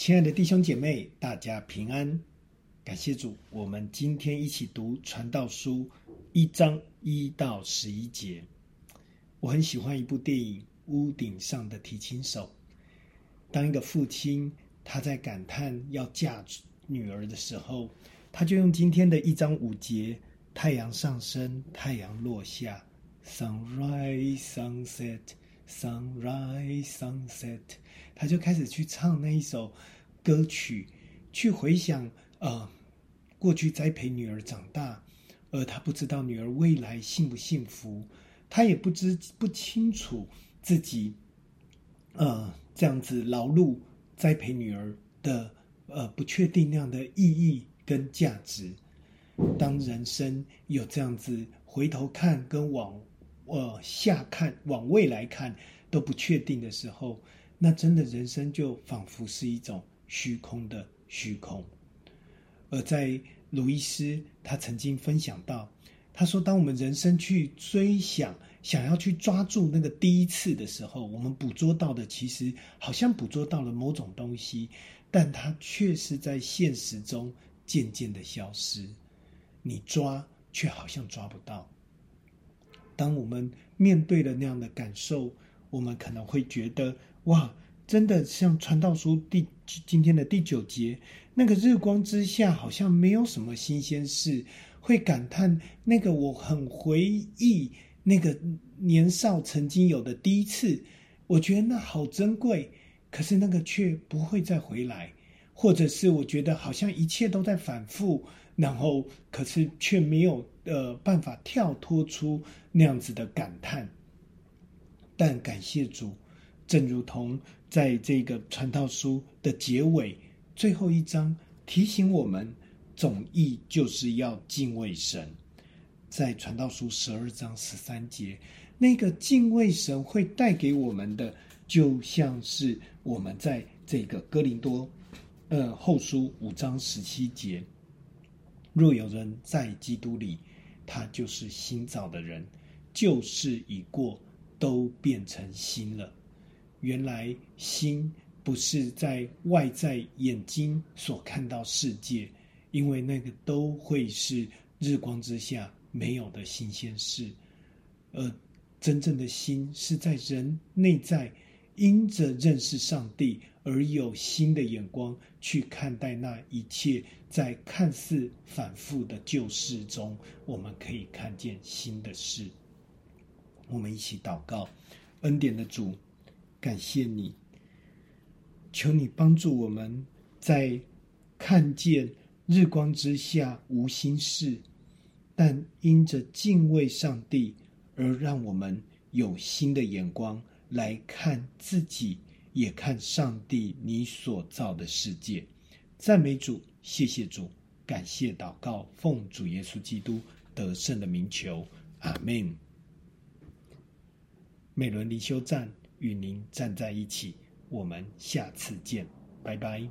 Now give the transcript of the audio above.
親愛的弟兄姐妹，大家平安！感謝主，我們今天一起讀《傳道書》一章一到十一節。我很喜歡一部電影《屋頂上的提琴手》。當一個父親他在感嘆要嫁女兒的時候，他就用今天的一章五節：太陽上升，太陽落下，sunrise, sunset。Sun rise, Sun set, Sunrise, sunset，他就開始去唱那一首歌曲，去回想啊、呃，過去栽培女兒長大，而他不知道女兒未來幸不幸福，他也不知不清楚自己，呃，這樣子勞碌栽培女兒的呃不確定那樣的意義跟價值。當人生有這樣子回頭看跟往。往、呃、下看往未來看都不確定的時候，那真的人生就仿佛是一種虛空的虛空。而在路易斯，他曾經分享到，他說，當我們人生去追想，想要去抓住那個第一次的時候，我們捕捉到的其實好像捕捉到了某種東西，但它卻是在現實中漸漸的消失，你抓卻好像抓不到。當我們面對了那樣的感受，我們可能會覺得哇，真的像《傳道書》第今天的第九節，那個日光之下好像沒有什麼新鮮事，會感嘆那個我很回憶那個年少曾經有的第一次，我覺得那好珍貴，可是那個卻不會再回來，或者是我覺得好像一切都在反覆。然後，可是卻沒有呃辦法跳脫出那樣子的感嘆。但感謝主，正如同在這個傳道書的結尾最後一章，提醒我們總意就是要敬畏神。在傳道書十二章十三節，那個敬畏神會帶給我們的，就像是我們在這個哥林多，呃後書五章十七節。若有人在基督裡，他就是新造的人，舊事已過，都變成新了。原來新不是在外在眼睛所看到世界，因為那個都會是日光之下沒有的新鮮事。而真正的新是在人內在。因着認識上帝而有新的眼光去看待那一切，在看似反覆的舊事中，我們可以看見新的事。我們一起禱告，恩典的主，感謝你，求你幫助我們在看見日光之下無新事，但因着敬畏上帝而讓我們有新的眼光，來看自己，也看上帝，你所造的世界。讚美主，謝謝主，感謝禱告，奉主耶穌基督得勝的名求，阿們，美倫靈修站與您站在一起，我們下次見，拜拜。